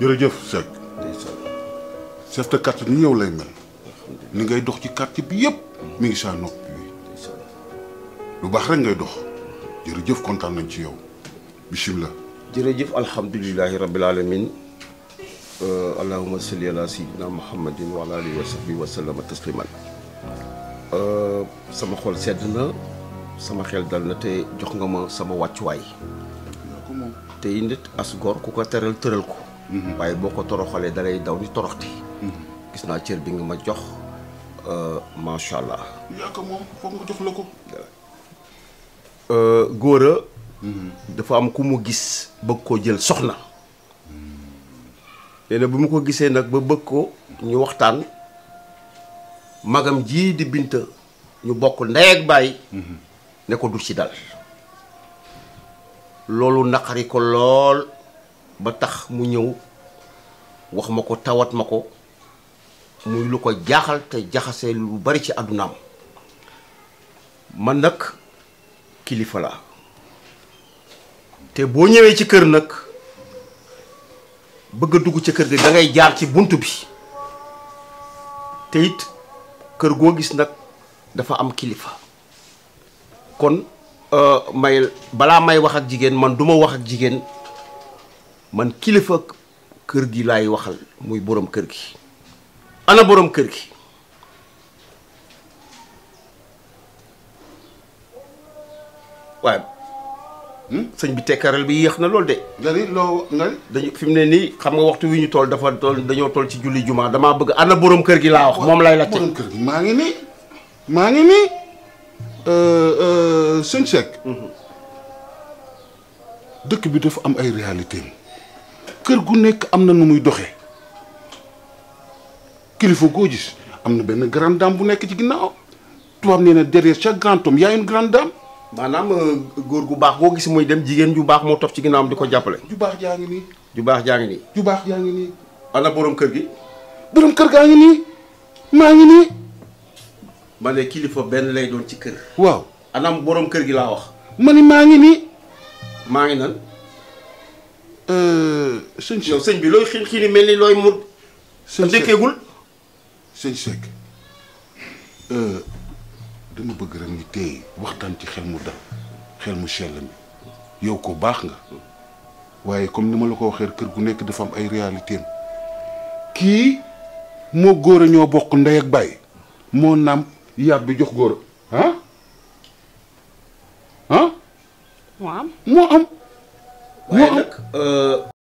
jërëjëf Seck chef de quartier ni yow lay mel ni ngay dox ci quartier bi yëpp mi ngi saa nopp bi lu baax rek ngay dox jërëjëf kontaan nañ ci yow bisimilah. jërëjëf alhamdulilahi rabbil alamin euh, allahuma salli ala sayyidina muhammadin wa ala alihi wa sahbihi wa sallama tasliman euh, sama xol sedd na sama xel dal na te jox nga ma sama wàccuwaay te nit as ku ko teral tëral ko Mm-hmm. waaye boo ko toroxalee da lay daw di toroxti mm-hmm. gis naa cër bi nga ma jox euh, macha allah. yaa ko moom foog nga jox la ko. Euh, góora mm-hmm. dafa am ku mu gis bëgg koo jël soxna. nee bi bu mu ko gisee nag ba bëgg ko ñu waxtaan magam jii di binta ñu bokk ndey ak baay. ne ko du ci dal. loolu naqari ko lool. ba tax mu ñëw wax ma ko tawat ma ko muy lu ko jaaxal te jaxasee lu bari ci àddunaam man nag kilifa la te boo ñëwee ci kër nag bëgg a dugg ci kër gi da ngay jaar ci bunt bi te it kër goo gis nag dafa am kilifa kon euh, may balaa may wax ak jigéen man duma wax ak jigéen man kilifa kër gi laay waxal muy borom kër gi ana borom kër gi waaye hmm? sëñ bi tekkaral bi yéex na de. nga ni loo nga ni ne nii xam nga waxtu wi ñu tool dafa tool dañoo tool ci julli juma damaa bëgg ana borom kër gi laa wax. moom lay la borom gi ngi ngi euh, euh, mhm. dëkk bi dafa am ay réalité kër gu nekk am na nu muy doxe kilifa goo gis am na benn grand dame bu nekk ci ginnaaw tubaab nee na derrière chaque grand homme y a une dame. maanaam euh, góor gu baax boo gis mooy dem jigéen ju baax moo topp ci ginnaawam di ko jàppale. ju baax jaa ngi nii. ju baax jaa ngi nii. baax jaa ngi nii. ana borom kër gi. boroom kër gaa ngi nii maa ngi nii. ma kilifa benn lay doon ci kër. waaw anam borom kër gi laa wax. maa ngi nii. maa ngi nan. Euh, sëñ yow sëñ bi looy xiin xiini mel ni looy mu. sëñ dëkkeegul sëñ Seck euh, dama bëgg rek ñu téye waxtaan ci xel mu dal xel mu sell mi yow ko baax nga waaye comme ni ma la ko waxee kër gu nekk dafa am ay réalité kii moo góor a ñoo bokk ndey ak baay moo naam yàbb bi jox góor a moo am moo am